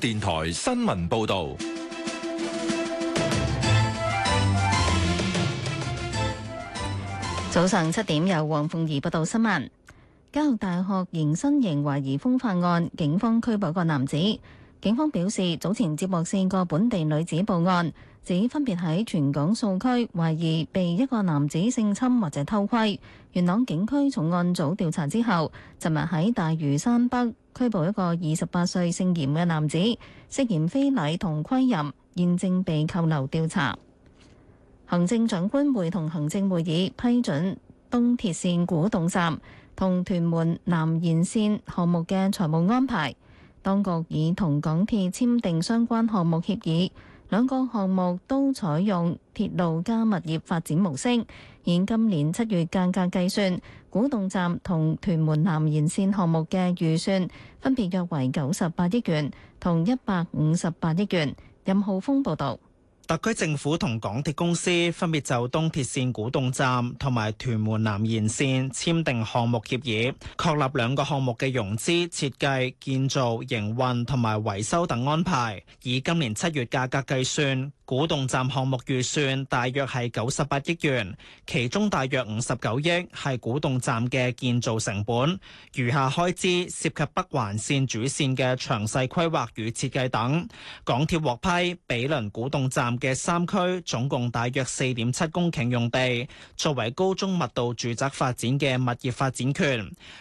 電台新聞報道：早上七點，由黃鳳儀報道新聞。教育大學迎新型懷疑風化案，警方拘捕個男子。警方表示，早前接獲四個本地女子報案，指分別喺全港數區懷疑被一個男子性侵或者偷窺。元朗警區重案組調查之後，尋日喺大嶼山北。拘捕一個二十八歲姓嚴嘅男子，涉嫌非禮同窺淫，現正被扣留調查。行政長官會同行政會議批准東鐵線古洞站同屯門南延線項目嘅財務安排。當局已同港鐵簽訂相關項目協議，兩個項目都採用鐵路加物業發展模式，以今年七月價格計算。古洞站同屯門南延線項目嘅預算分別約為九十八億元同一百五十八億元。任浩峰報道。特區政府同港鐵公司分別就東鐵線古洞站同埋屯門南延線簽訂項目協議，確立兩個項目嘅融資、設計、建造、營運同埋維修等安排。以今年七月價格計算，古洞站項目預算大約係九十八億元，其中大約五十九億係古洞站嘅建造成本，餘下開支涉及北環線主線嘅詳細規劃與設計等。港鐵獲批毗鄰古洞站嘅三區總共大約四點七公頃用地，作為高中密度住宅發展嘅物業發展權。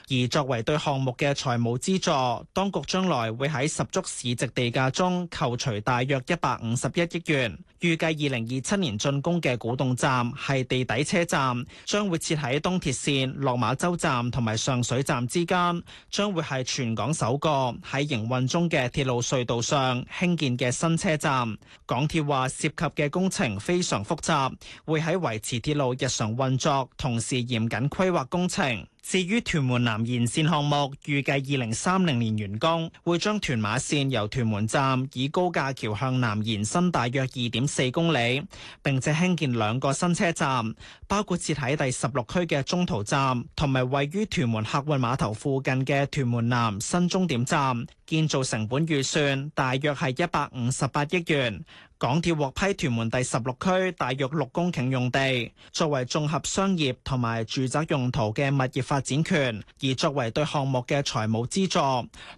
而作為對項目嘅財務資助，當局將來會喺十足市值地價中扣除大約一百五十一億元。預計二零二七年竣工嘅古洞站係地底車站，將會設喺東鐵綫落馬洲站同埋上水站之間，將會係全港首個喺營運中嘅鐵路隧道上興建嘅新車站。港鐵話。涉及嘅工程非常複雜，會喺維持鐵路日常運作，同時嚴謹規劃工程。至於屯門南延綫項目，預計二零三零年完工，會將屯馬綫由屯門站以高架橋向南延伸大約2.4公里，並且興建兩個新車站，包括設喺第十六區嘅中途站，同埋位於屯門客運碼頭附近嘅屯門南新終點站。建造成本預算大約係一百五十八億元。港鐵獲批屯門第十六區大約六公頃用地，作為綜合商業同埋住宅用途嘅物業發展權，而作為對項目嘅財務資助，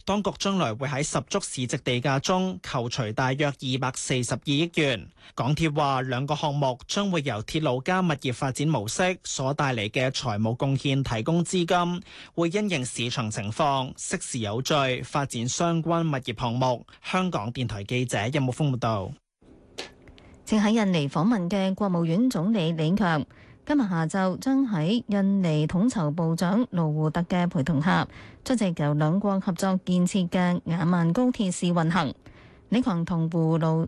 當局將來會喺十足市值地價中扣除大約二百四十二億元。港鐵話，兩個項目將會由鐵路加物業發展模式所帶嚟嘅財務貢獻提供資金，會因應市場情況，適時有序發展相關物業項目。香港電台記者任木峰報道。正喺印尼訪問嘅國務院總理李強。今日下晝將喺印尼統籌部長盧胡特嘅陪同下出席由兩國合作建設嘅雅萬高鐵試運行。李強李強同胡盧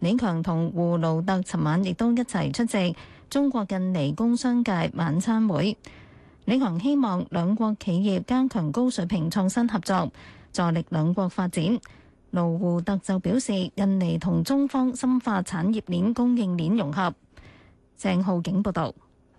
李強同胡盧特尋晚亦都一齊出席中國印尼工商界晚餐會。李強希望兩國企業加強高水平創新合作，助力兩國發展。盧胡特就表示，印尼同中方深化產業鏈供應鏈融合。鄭浩景報道。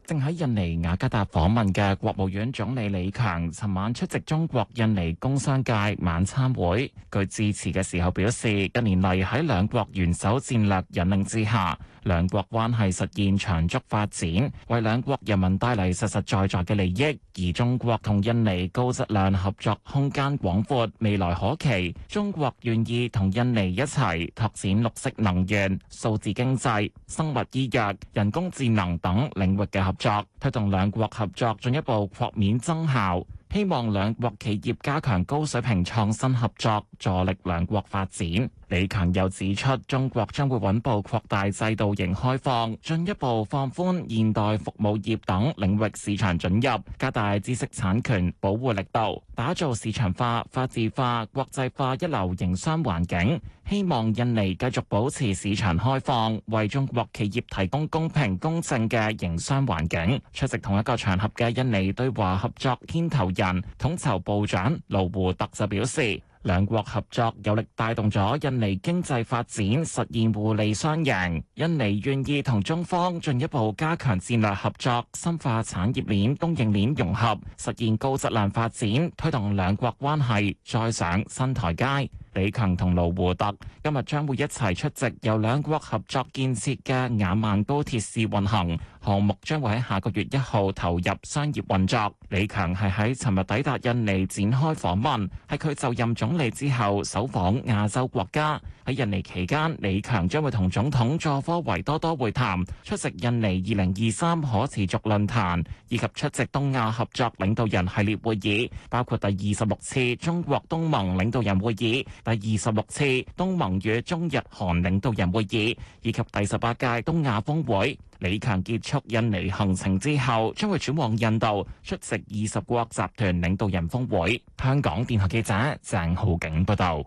正喺印尼雅加達訪問嘅國務院總理李強，尋晚出席中國印尼工商界晚餐會。佢致辭嘅時候表示，近年嚟喺兩國元首戰略引領之下，兩國關係實現長足發展，為兩國人民帶嚟實實在在嘅利益。而中國同印尼高質量合作空間廣闊，未來可期。中國願意同印尼一齊拓展綠色能源、數字經濟、生物醫藥、人工智能等領域嘅合。作推動兩國合作進一步擴面增效，希望兩國企業加強高水平創新合作，助力兩國發展。李強又指出，中國將會穩步擴大制度型開放，進一步放寬現代服務業等領域市場準入，加大知識產權保護力度，打造市場化、法治化、國際化一流營商環境。希望印尼繼續保持市場開放，為中國企業提供公平公正嘅營商環境。出席同一個場合嘅印尼對華合作牽頭人、統籌部長盧胡特就表示。兩國合作有力帶動咗印尼經濟發展，實現互利雙贏。印尼願意同中方進一步加強戰略合作，深化產業鏈、供應鏈融合，實現高質量發展，推動兩國關係再上新台階。李強同盧胡特今日將會一齊出席由兩國合作建設嘅雅萬高鐵試運行。項目將會喺下個月一號投入商業運作。李強係喺尋日抵達印尼，展開訪問，係佢就任總理之後首訪亞洲國家。喺印尼期間，李強將會同總統佐科維多多會談，出席印尼二零二三可持續論壇，以及出席東亞合作領導人系列會議，包括第二十六次中國東盟領導人會議、第二十六次東盟與中日韓領導人會議，以及第十八屆東亞峰會。李強結束印尼行程之後，將會轉往印度出席二十國集團領導人峰會。香港電台記者鄭浩景報道。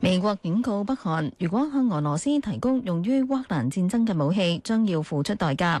美國警告北韓，如果向俄羅斯提供用於烏克蘭戰爭嘅武器，將要付出代價。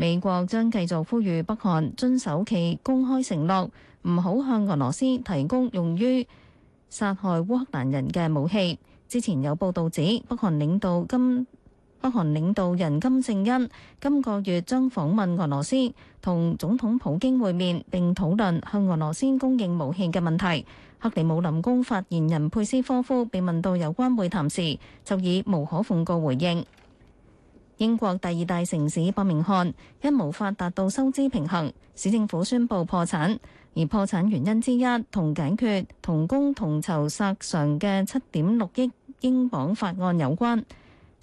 美國將繼續呼籲北韓遵守其公開承諾，唔好向俄羅斯提供用於殺害烏克蘭人嘅武器。之前有報導指，北韓領導金北韓領導人金正恩今個月將訪問俄羅斯，同總統普京會面並討論向俄羅斯供應武器嘅問題。克里姆林宮發言人佩斯科夫被問到有關會談時，就以無可奉告回應。英國第二大城市伯明翰因無法達到收支平衡，市政府宣布破產。而破產原因之一同解決同工同酬索償嘅七點六億英鎊法案有關。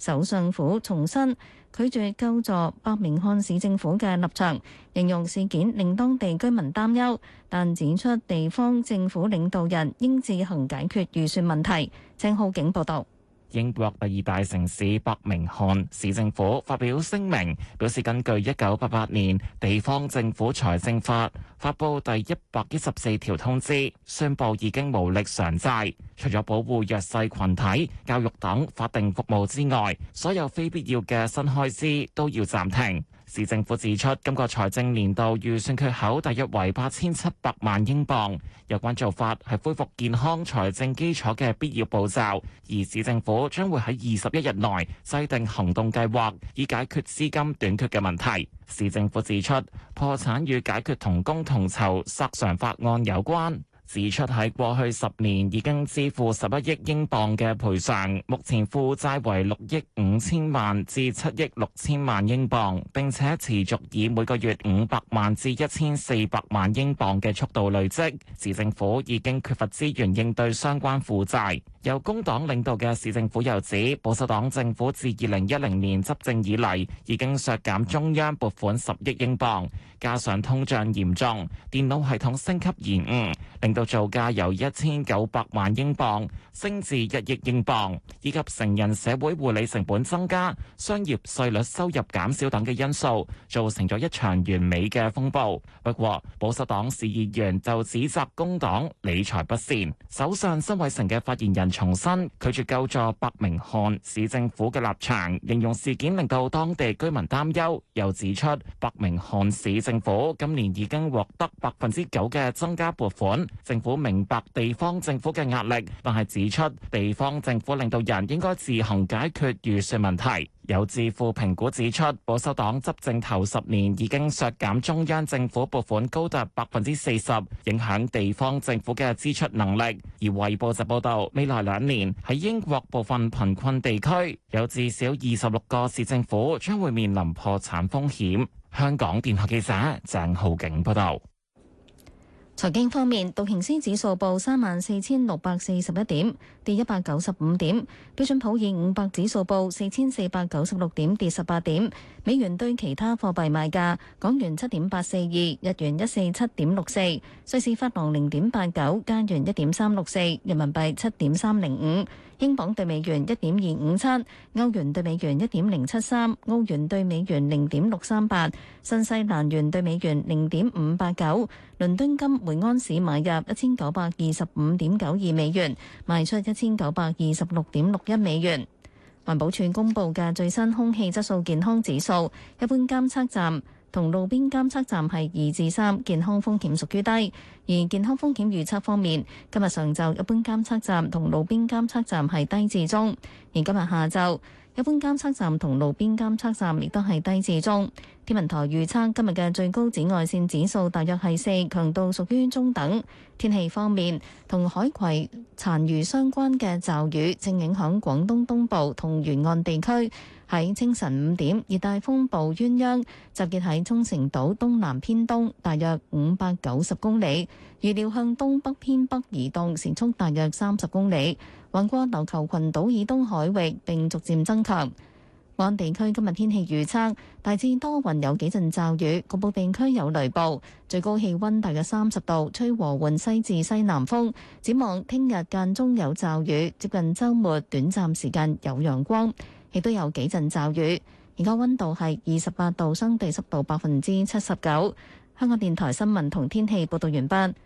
首相府重申拒，拒絕救助伯明翰市政府嘅立場，形容事件令當地居民擔憂，但指出地方政府領導人應自行解決預算問題。鄭浩景報道。英國第二大城市伯明翰市政府發表聲明，表示根據一九八八年地方政府財政法，發布第一百一十四條通知，宣布已經無力償債。除咗保護弱勢群體、教育等法定服務之外，所有非必要嘅新開支都要暫停。市政府指出，今個財政年度預算缺口大約為八千七百萬英鎊，有關做法係恢復健康財政基礎嘅必要步驟，而市政府將會喺二十一日內制定行動計劃，以解決資金短缺嘅問題。市政府指出，破產與解決同工同酬賠償法案有關。指出喺過去十年已經支付十一億英鎊嘅賠償，目前負債為六億五千萬至七億六千萬英鎊，並且持續以每個月五百萬至一千四百萬英鎊嘅速度累積，市政府已經缺乏資源應對相關負債。由工黨領導嘅市政府又指，保守黨政府自二零一零年執政以嚟，已經削減中央撥款十億英鎊，加上通脹嚴重、電腦系統升級延誤，令到造價由一千九百萬英鎊升至一億英鎊，以及成人社會護理成本增加、商業稅率收入減少等嘅因素，造成咗一場完美嘅風暴。不過，保守黨市議員就指責工黨理財不善。首相辛偉誠嘅發言人。重申拒絕救助伯明翰市政府嘅立場，形容事件令到當地居民擔憂。又指出，伯明翰市政府今年已經獲得百分之九嘅增加撥款。政府明白地方政府嘅壓力，但係指出地方政府領導人應該自行解決預算問題。有智庫評估指出，保守黨執政頭十年已經削減中央政府撥款高達百分之四十，影響地方政府嘅支出能力。而《衛報》就報導，未來兩年喺英國部分貧困地區，有至少二十六個市政府將會面臨破產風險。香港電台記者鄭浩景報道。財經方面，道瓊斯指數報三萬四千六百四十一點，跌一百九十五點；標準普爾五百指數報四千四百九十六點，跌十八點。美元兌其他貨幣賣價，港元七點八四二，日元一四七點六四，瑞士法郎零點八九，加元一點三六四，人民幣七點三零五。英鎊對美元一點二五七，歐元對美元一點零七三，歐元對美元零點六三八，新西蘭元對美元零點五八九。倫敦金每安士買入一千九百二十五點九二美元，賣出一千九百二十六點六一美元。環保署公布嘅最新空氣質素健康指數，一般監測站，同路邊監測站係二至三，健康風險屬於低。而健康風險預測方面，今日上晝一般監測站同路邊監測站係低至中，而今日下晝，一般監測站同路邊監測站亦都係低至中。天文台預測今日嘅最高紫外線指數大約係四，強度屬於中等。天氣方面，同海葵殘餘相關嘅驟雨正影響廣東東部同沿岸地區，喺清晨五點熱帶風暴鴛鴦集結喺沖繩島東南偏東，大約五百九十公里，預料向東北偏北移動，時速大約三十公里。橫過琉球群島以東海域，並逐漸增強。本地區今日天氣預測大致多雲，有幾陣驟雨，局部地區有雷暴。最高氣溫大約三十度，吹和緩西至西南風。展望聽日間中有驟雨，接近週末短暫時間有陽光，亦都有幾陣驟雨。而家溫度係二十八度，相對濕度百分之七十九。香港電台新聞同天氣報道完畢。